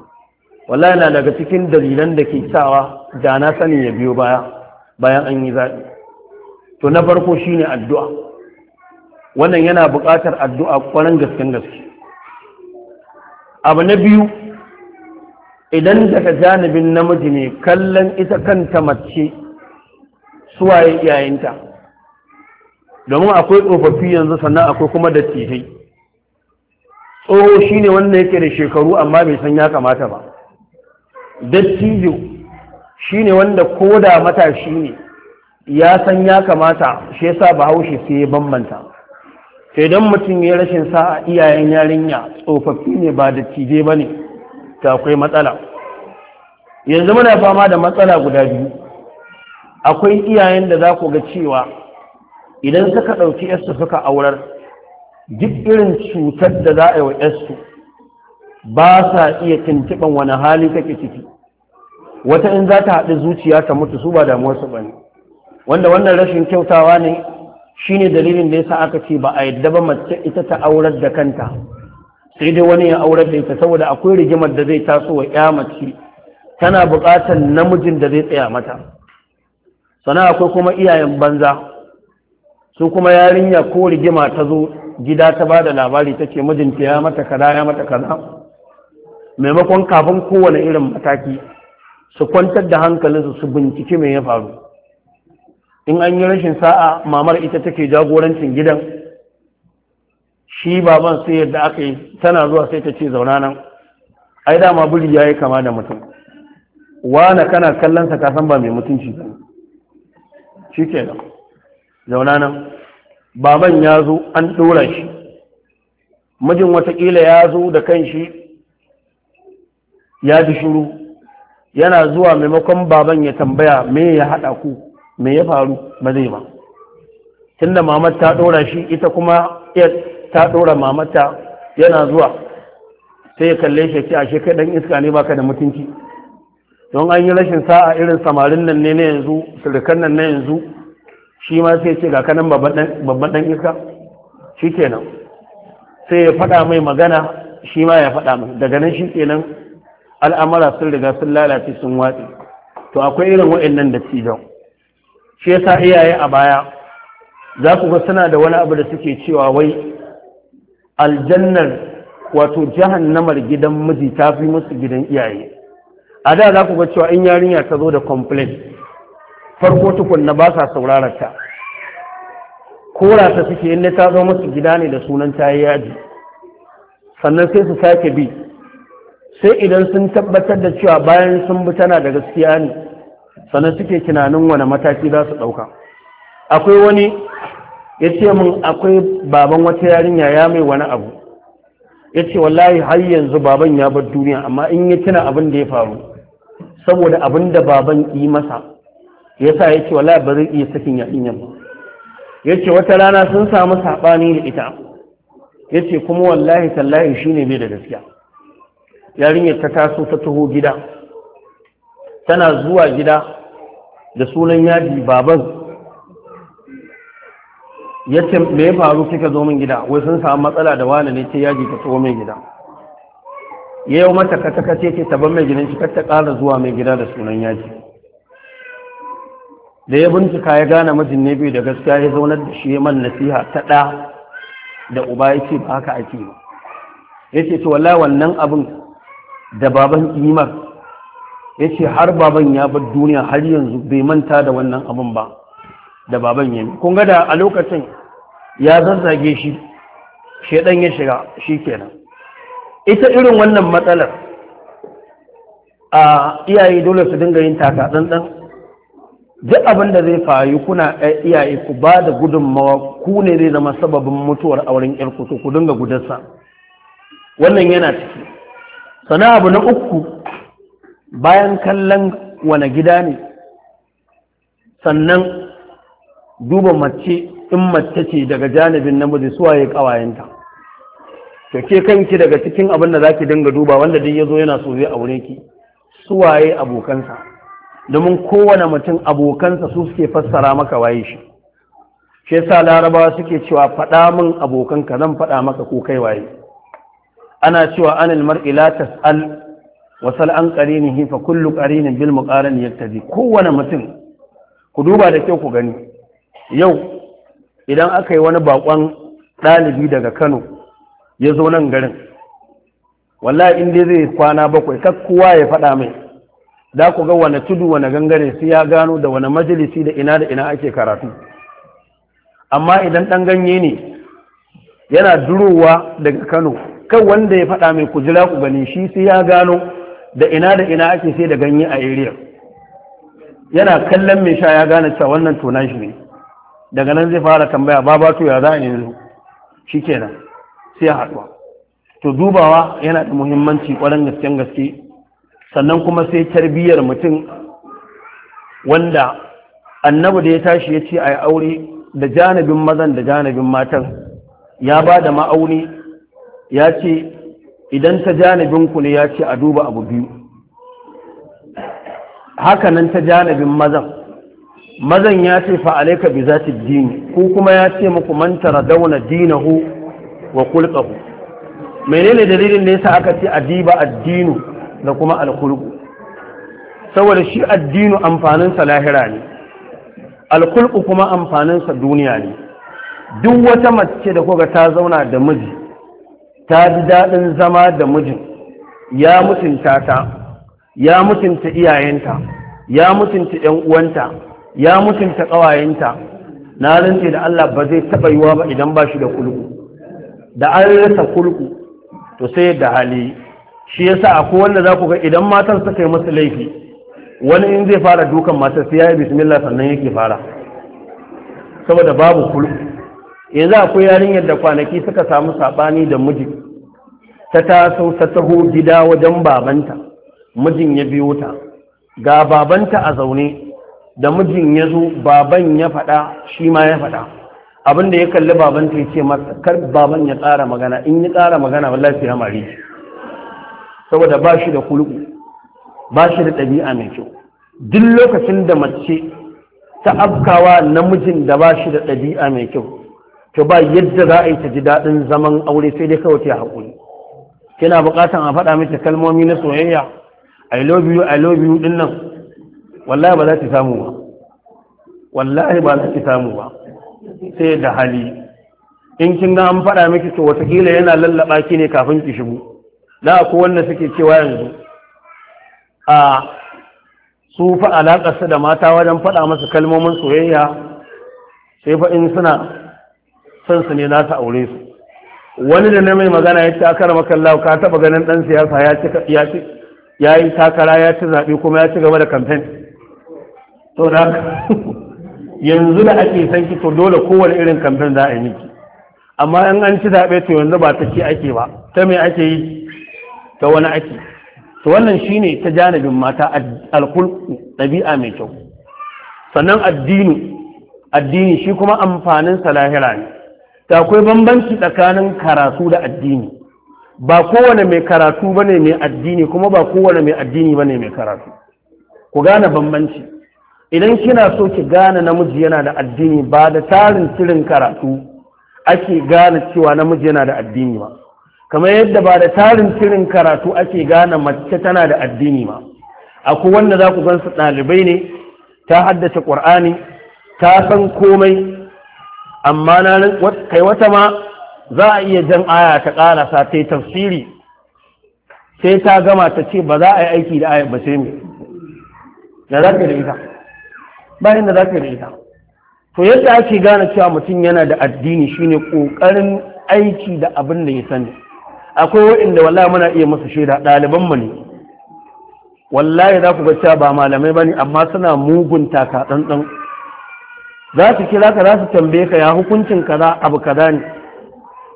wallahi na daga cikin dalilan da ke sawa da na sani ya biyo baya bayan an yi zaɓi to na farko shine addu'a wannan yana buƙatar addu'a ƙwarar gaskin gaske abu na biyu idan daga janibin namiji ne kallon ita kanta mace suwaye iyayenta domin akwai tsofaffi yanzu sannan akwai kuma dattijai tsoho shine wanda yake da shekaru amma bai san ya kamata ba dattijo shine wanda ko da matashi ne ya san ya kamata shi yasa bahaushe sai ya bambanta idan mutum ya rashin sa a iyayen yarinya tsofaffi ne ba dattijai ba ne ta akwai matsala yanzu muna fama da matsala guda biyu akwai iyayen da za ku ga cewa idan suka ɗauki yarsu suka aurar duk irin cutar da za a yi wa yarsu ba sa iya tuntuɓan wani hali take ciki wata in za ta haɗu zuciya ta mutu su ba damuwarsu ba ne wanda wannan rashin kyautawa ne shine dalilin da ya sa aka ce ba a yadda ba mace ita ta aurar da kanta sai dai wani ya aurar da ita saboda akwai rigimar da zai taso wa ya mace tana buƙatar namijin da zai tsaya mata sana akwai kuma iyayen banza su kuma yarinya ko rigima ta zo gida ta ba da labari ta ce mijinta ya mata kaza ya mata kaza maimakon kafin kowane irin mataki su kwantar da hankalinsu su bincike mai ya faru in an yi rashin sa'a mamar ita take jagorancin gidan shi baban sai yadda aka yi tana zuwa sai ta ce zauna nan ai dama buri ya yi kama da mutum Wa na kana kallonsa ka san ba mai mutunci ba shi kenan zauna nan baban ya zo an ɗora shi mijin watakila ya zo da kan shi ya ji shuru yana zuwa maimakon baban ya tambaya me ya haɗa ku me ya faru ba zai ba tunda mamar ta ɗora shi ita kuma ta ɗora mamata yana zuwa sai ya kalle shi a ashe kai ɗan iska ne baka da mutunci don an yi rashin sa'a irin samarin nan ne na yanzu surukan nan na yanzu shi ma sai ce ga kanan babban dan iska shi kenan sai ya faɗa mai magana shi ma ya faɗa mai daga nan shi kenan al'amara sun riga sun lalace sun watsi to akwai irin wa'annan da don. shi yasa iyaye a baya za ku ga suna da wani abu da suke cewa wai aljannar wato jahannamar gidan miji ta fi musu gidan iyaye a da za ku ga cewa in yarinya ta zo da complaint farko tukunna ba sa saurarar ta kora ta suke inda ta zo masu gida ne da sunan ta yi yaji sannan sai su sake bi sai idan sun tabbatar da cewa bayan sun bi tana da gaskiya ne sannan suke tunanin wani mataki za su ɗauka akwai wani ya ce min akwai baban wata yarinya ya mai wani abu ya ce wallahi har yanzu baban ya bar duniya amma in ya tuna abin da ya faru saboda abin da baban yi masa Ya ya ce, wala ba zai iya sakin yayin yamma ce wata rana sun samu saɓani da ita Ya ce kuma wallahi tallahi ne bai da gaskiya yarinyar ta taso ta taho gida tana zuwa gida da sunan yaji baban ce me ya faru kika zo min gida wai sun samu matsala da wani ne ce yaji ta taho mai gida yau mata kata kace ce ta ban mai gidan shi ta ƙara zuwa mai gida da sunan yaji da ya bincika ya gane mijin ne bai da gaskiya ya zaunar da shi man nasiha ta ɗa da uba ya ce ba haka ake ba ya ce to wala wannan abin da baban imar ya ce har baban ya bar duniya har yanzu bai manta da wannan abin ba da baban ya kun ga da a lokacin ya zazzage shi shaidan ya shiga shi kenan ita irin wannan matsalar a iyaye dole su dinga yin taka tsantsan duk abin da zai faru kuna eh, iyaye ku ba da gudunmawa ku ne zai zama sababin mutuwar auren ƴarku, to ku dinga gudarsa wannan yana ciki sana abu na uku bayan kallon wane gida ne sannan duba mace in mace ce daga janibin namiji ya kawayenta ta ke kanki daga cikin abin da zaki dinga duba wanda duk zo yana so zai aure ki suwaye abokansa domin kowane mutum abokansa su suke fassara maka waye shi shi yasa larabawa suke cewa faɗa min abokanka zan faɗa maka ko kai waye ana cewa anil mar'i la tas'al wasal an qarinihi fa kullu qarinin bil muqarin yaktabi kowane mutum ku duba da kyau ku gani yau idan aka yi wani bakon ɗalibi daga Kano ya zo nan garin wallahi in dai zai kwana bakwai kar kowa ya faɗa mai da ku ga wani tudu wani gangare su ya gano da wani majalisi da ina da ina ake karatu amma idan ɗan ganye ne yana durowa daga kano kai wanda ya faɗa mai kujira ku gani shi sai ya gano da ina da ina ake sai da ganye a area yana kallon mai sha ya gane cewa wannan tunan shi ne daga nan zai fara tambaya babatu ya za a yanzu shi kenan sai haɗuwa to dubawa yana da muhimmanci ƙwarar gaske gaske sannan kuma sai tarbiyyar mutum wanda annabi da ya tashi ya ce a yi aure da janabin mazan da janabin matan ya ba da ma'auni ya ce idan ta janabinku ne ya ce a duba abu biyu hakanan ta janabin mazan mazan ya ce fa'alaika bi za dini ko kuma ya ce muku mantara dauna dinahu wa kulkahu menene dalilin da ya sa aka ce a diba addinu da kuma alkulku saboda shi addinu amfaninsa lahira ne alkulku kuma amfaninsa duniya ne duk wata mace da kuka ta zauna da miji ta ji daɗin zama da mijin ya mutunta ta ya mutunta iyayenta ya mutunta 'yan uwanta ya mutunta ƙawayenta na rantse da Allah ba zai taɓa yiwa ba idan ba shi da kulku da an rasa kulku to sai da hali shi yasa akwai wanda za ku ga idan matan suka yi masa laifi wani in zai fara dukan matar sai ya yi bismillah sannan yake fara saboda babu kulu yanzu akwai yarinyar da kwanaki suka samu sabani da miji ta taso ta taho gida wajen babanta mijin ya biyo ta ga babanta a zaune da mijin ya zo baban ya faɗa shi ma ya faɗa abinda ya kalli babanta ya ce masa kar baban ya tsara magana in ya tsara magana wallahi sai ya mare shi saboda ba shi da kulubu ba shi da ɗabi'a mai kyau duk lokacin da mace ta afkawa namijin da ba shi da ɗabi'a mai kyau to ba yadda za a yi ta ji daɗin zaman aure sai dai kawai ta haƙuri kina buƙatan a faɗa miki kalmomi na soyayya i love you i love you din nan wallahi ba za ki samu ba wallahi ba za ki samu ba sai da hali in kin ga an faɗa miki to watakila yana lallaba ki ne kafin ki shigo da ko wanda suke cewa yanzu a su fa su da mata wajen faɗa masa kalmomin soyayya sai fa in suna son su ne za su aure su wani da na mai magana ya ce karama makallahu ka taɓa ganin ɗan siyasa ya ci ya yi takara ya ci zaɓe kuma ya ci gaba da kamfen to da yanzu da ake san ki to dole kowane irin kamfen za a yi miki amma in an ci zaɓe to yanzu ba ta ci ake ba ta me ake yi ta wani ake to wannan shine ta janibin mata alkul ɗabi'a mai kyau sannan addini addini shi kuma amfanin salahira ne ta akwai bambanci tsakanin karatu da addini ba kowane mai karatu ba ne mai addini kuma ba kowane mai addini ba ne mai karatu ku gane bambanci idan kina so ki gane namiji yana da addini ba da tarin cirin karatu ake gane cewa namiji yana da addini ba kamar yadda ba da tarin cirin karatu ake gane mace tana da addini ma akwai wanda za ku gansu ɗalibai ne ta haddace ƙur'ani ta san komai amma na kai wata ma za a iya jan aya ta ƙarasa ta tafsiri sai ta gama ta ce ba za a yi aiki da aya ba sai mai da za ka da ita bayan da za ka da ita to yadda ake gane cewa mutum yana da addini shine ƙoƙarin aiki da abin da ya sani akwai wa'inda wallahi muna iya musu shaida ɗaliban mu ne wallahi za ku ga cewa ba malamai bane amma suna mugun taka ɗanɗan za su kira ka za su tambaye ka ya hukuncin kaza abu kaza ne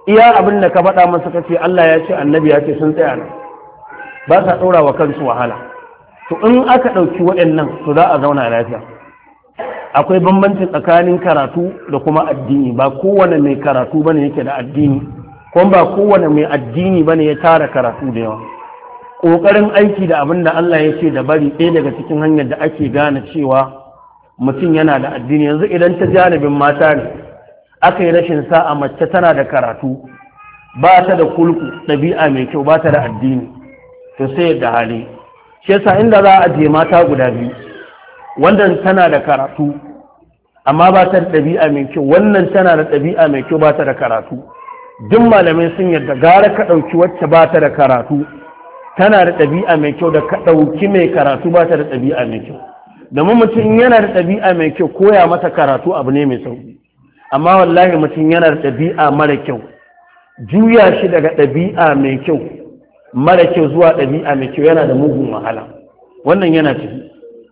iya abin da ka faɗa masa kace Allah ya ce annabi ya ce sun tsaya nan ba sa ɗora wa kansu wahala to in aka ɗauki waɗannan to za a zauna lafiya akwai bambancin tsakanin karatu da kuma addini ba kowane mai karatu bane yake da addini kuma ba kowane mai addini bane ya tara karatu da yawa ƙoƙarin aiki da abin da Allah ya ce da bari ɗaya daga cikin hanyar da ake gane cewa mutum yana da addini yanzu idan ta janibin mata ne aka yi rashin sa'a mace tana da karatu ba ta da kulku ɗabi'a mai kyau ba ta da addini to sai da hali shi yasa inda za a je mata guda biyu wannan tana da karatu amma ba ta da ɗabi'a mai kyau wannan tana da ɗabi'a mai kyau ba ta da karatu duk malamai sun yarda gara ka ɗauki wacce ba ta da karatu tana da ɗabi'a mai kyau da ka ɗauki mai karatu ba ta da ɗabi'a mai kyau domin mutum yana da ɗabi'a mai kyau koya mata karatu abu ne mai sauƙi amma wallahi mutum yana da ɗabi'a mara kyau juya shi daga ɗabi'a mai kyau mara kyau zuwa ɗabi'a mai kyau yana da mugun wahala wannan yana ciki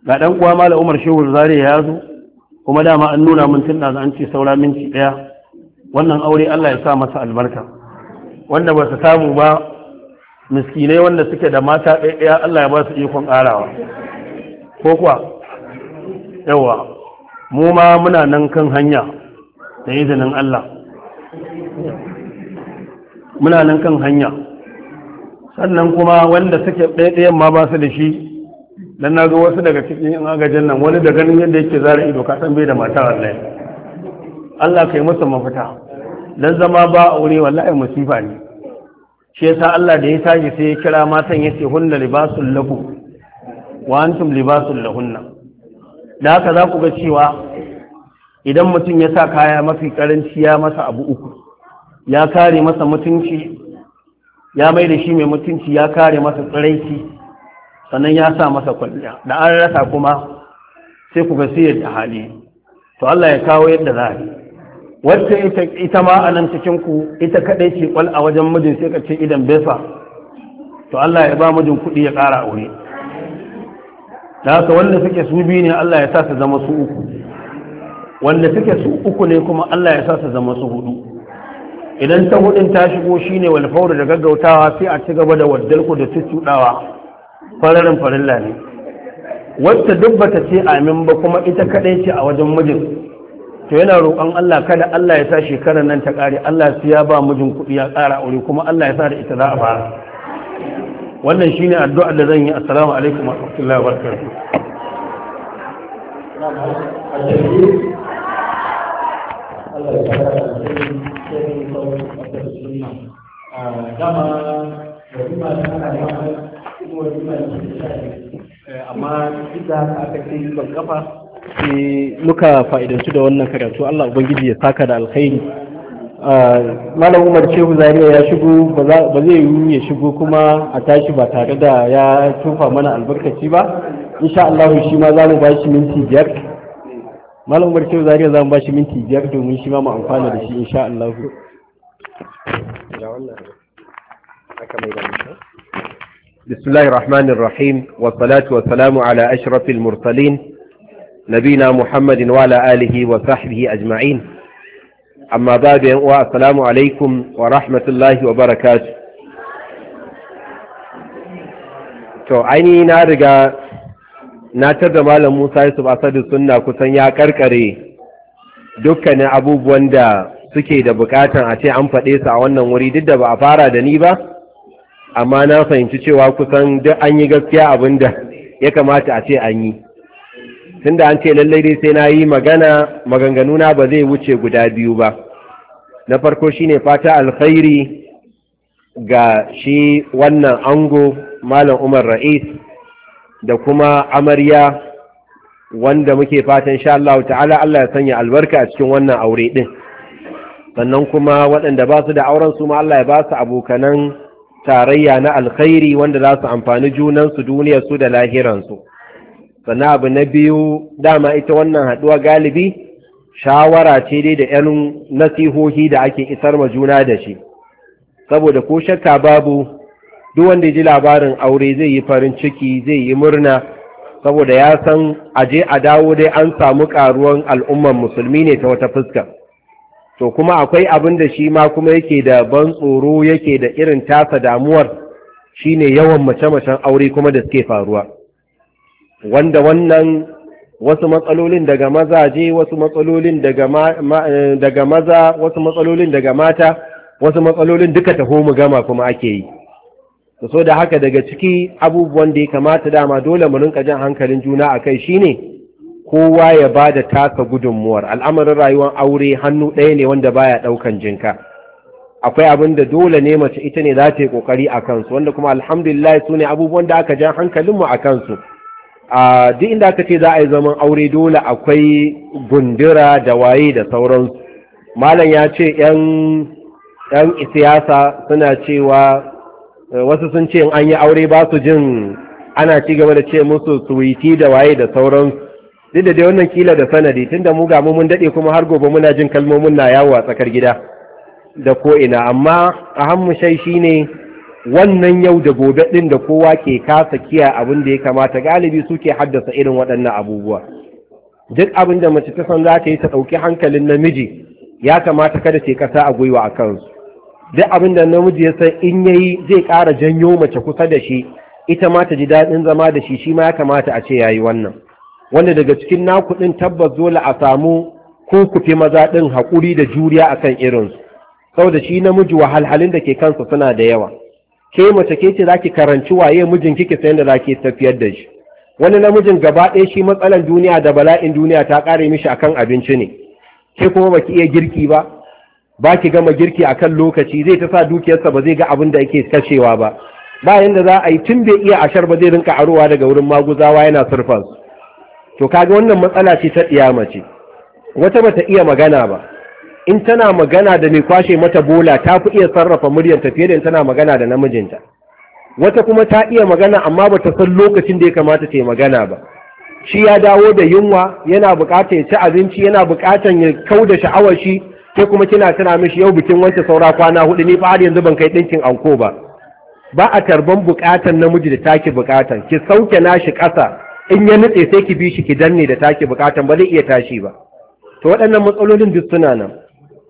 ga ɗan uwa Malam umar shehu zare ya zo kuma dama an nuna min da an ce saura minti ɗaya wannan aure Allah ya sa masa albarka wanda ba su samu ba miskinai wanda suke da mata ɗaya Allah ya ba su ikon ƙarawa ko kuwa yawa mu ma muna nan kan hanya da izinin Allah muna nan kan hanya sannan kuma wanda suke ɗaya ɗaya ma ba su da shi dan na ga wasu daga cikin agajin nan wani da ganin yadda yake zara ido ka san bai da mata wallahi Allah ka yi masa mafita Don zama ba a aure wallahi musifa ne shi yasa Allah da ya tashi sai ya kira matan ya ce hunna libasul lakum wa antum libasul lahunna da haka za ku ga cewa idan mutum ya sa kaya mafi karanci ya masa abu uku ya kare masa mutunci ya mai da shi mai mutunci ya kare masa tsiraici sannan ya sa masa kwalliya da an rasa kuma sai ku ga sai da hali to Allah ya kawo yadda za a yi wacce ita ma a nan cikin ku ita kadai ce kwal a wajen mijin sai ka ce idan besa to Allah ya ba mijin kuɗi ya ƙara aure da haka wanda suke su biyu ne Allah ya sa su zama su uku wanda suke su uku ne kuma Allah ya sa su zama su hudu idan ta hudun ta shigo shine wal fauri da gaggautawa sai a ci gaba da ku da tuttudawa fararin farilla ne wacce duk bata ce amin ba kuma ita kadai ce a wajen mijin to yana roƙon Allah kada Allah ya sa shekarar nan ta ƙare Allah su ya ba mijin kuɗi ya ƙara aure kuma Allah ya sa da ita za a fara wannan ne addu'ar da zan yi assalamu alaikum wa wa barakatuh amma duk da aka ce ban kafa sai muka fa'idansu da wannan karatu Allah ubangiji ya saka da alkhairi malam Umar Shehu Zaria ya shigo ba zai yi ya shigo kuma a tashi ba tare da ya tufa mana albarkaci ba insha Allah shi ma za mu bashi minti biyar malam Umar Shehu Zaria za mu bashi minti biyar domin shi ma mu amfana da shi insha Allah بسم الله الرحمن الرحيم والصلاة والسلام على أشرف المرسلين نبينا محمد وعلى آله وصحبه أجمعين أما بعد والسلام عليكم ورحمة الله وبركاته to ainihi na riga na da malam Musa Yusuf basadu sunna kusan ya karkare dukkanin abubuwan da suke da bukatan a ce an faɗe su a wannan wuri duk da ba a fara da ni ba amma na fahimci cewa kusan duk an yi gaskiya abin da ya kamata a ce an yi Tun da an ce lallai dai sai na yi magana maganganuna ba zai wuce guda biyu ba na farko shine fata alkhairi ga shi wannan ango malam umar ra'is da kuma amarya wanda muke fatan sha Allah ta'ala Allah ya sanya albarka a cikin wannan aure ɗin. sannan kuma waɗanda ba su da auren su ma Allah ya ba su abokanan tarayya na alkhairi wanda za su amfani junansu duniyarsu da lahiransu sannan abu na biyu dama ita wannan haɗuwa galibi shawara ce dai da 'yan nasihohi da ake isar ma juna da shi saboda ko shakka babu duk wanda ji labarin aure zai yi farin ciki zai yi murna saboda ya san aje a dawo dai an samu karuwan al'umman musulmi ne ta wata fuska to kuma akwai abin da shi ma kuma yake da ban tsoro yake da irin tasa damuwar shine yawan mace-macen aure kuma da suke faruwa wanda wannan wasu matsalolin daga mazaje wasu matsalolin eh, daga maza wasu matsalolin daga mata wasu matsalolin duka taho mu gama kuma ake yi so da haka daga ciki abubuwan da ya kamata dama dole mu rinka jan hankalin juna a kai shine kowa ya ba da taka gudunmuwar al'amarin rayuwar aure hannu ɗaya ne wanda baya ɗaukan jinka akwai abin da dole ne mace ita ne za ta yi ƙoƙari a kansu wanda kuma alhamdulillah su ne abubuwan da aka jan hankalinmu a kansu a duk inda aka ce za a yi zaman aure dole akwai gundura da waye da sauransu malam ya ce yan siyasa suna cewa eh, wasu sun ce an yi aure ba su jin ana ci gaba da ce musu suwiti da waye da sauransu duk da dai wannan kila da sanadi tunda mu ga mu mun dade kuma har gobe muna jin kalmomin na yawo a tsakar gida da ko ina amma ahammu shai shine wannan yau da gobe ɗin da kowa ke kasa kiya abin da ya kamata galibi suke haddasa irin waɗannan abubuwa duk abin da mace ta san za ta yi ta ɗauki hankalin namiji ya kamata kada ce kasa a gwiwa a kansu duk abin da namiji ya san in ya yi zai ƙara janyo mace kusa da shi ita ma ta ji daɗin zama da shi shi ma ya kamata a ce ya yi wannan wanda daga cikin naku ɗin tabbas dole a samu ko fi maza ɗin haƙuri da juriya akan irinsu saboda shi namiji wahalhalin da ke kansa suna da yawa ke mace ke ce zaki karanci waye mijin kike sayan da zaki tafiyar da shi wani namijin gaba ɗaya shi matsalan duniya da bala'in duniya ta ƙare mishi akan abinci ne ke kuma baki iya girki ba ba ki gama girki akan lokaci zai ta sa dukiyarsa ba zai ga abin da yake kashewa ba bayan da za a yi tun bai iya ashar ba zai rinka arowa daga wurin maguzawa yana surfansu to kaga wannan matsala ce ta ɗiya mace, wata bata iya magana ba in tana magana da mai kwashe mata bola ta fi iya sarrafa muryanta fiye da in tana magana da namijinta wata kuma ta iya magana amma ba ta san lokacin da ya kamata ta yi magana ba shi ya dawo da yunwa yana bukatar ya ci abinci yana bukatar ya kau da sha'awar shi sai kuma kina tana mishi yau bikin wancan saura kwana hudu ni ba har yanzu ban kai ɗinkin anko ba ba a tarban buƙatar namiji da take bukatar ki sauke nashi ƙasa in ya nutse sai ki bi shi ki danne da take bukatar ba zai iya tashi ba to waɗannan matsalolin duk suna nan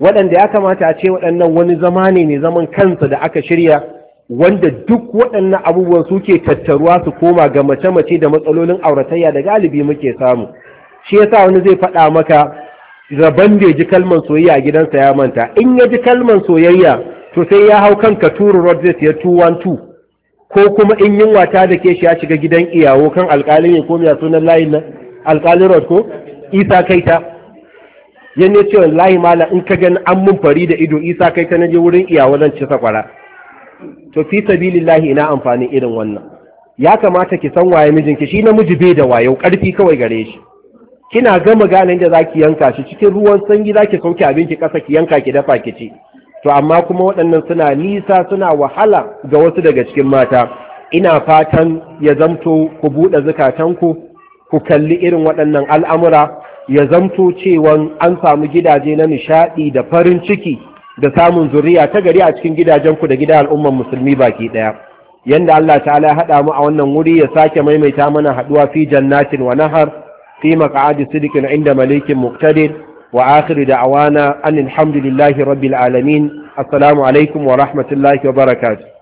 waɗanda ya kamata a ce waɗannan wani zama ne mai zaman kansa da aka shirya wanda duk waɗannan abubuwan suke tattaruwa su koma ga mace-mace da matsalolin auratayya da galibi muke samu shi ya sa wani zai faɗa maka rabon da ya ji kalman soyayya a gidansa ya manta in ya ji kalman soyayya to sai ya hau kan turu rodriguez ya 212 ko kuma in yunwa wata da ke shi ya shiga gidan iyawo kan alƙalin ya komiya sunan layin nan alƙalin rod ko isa kaita ya ne ce wallahi mala in ka gani an mun fari da ido isa kai ka naje wurin iyawa zan ci sakwara to fi sabilillahi ina amfani irin wannan ya kamata ki san waye mijinki shi namiji bai da wayo karfi kawai gare shi kina gama ganin da zaki yanka shi cikin ruwan sanyi zaki sauke abinki kasa ki yanka ki dafa ki ci to amma kuma waɗannan suna nisa suna wahala ga wasu daga cikin mata ina fatan ya zamto ku buɗe zukatanku ku kalli irin waɗannan al'amura ya zamto cewan an samu gidaje na nishadi da farin ciki da samun zuriya ta gari a cikin gidajenku da gidan al'umman musulmi baki daya yanda Allah ta'ala Ya haɗa mu a wannan wuri ya sake maimaita mana haɗuwa fi jannatin wa nahar fi maq'adi sidqin inda malikin muqtadir wa akhir da'wana anil hamdulillahi rabbil alamin assalamu alaikum wa rahmatullahi wa barakatuh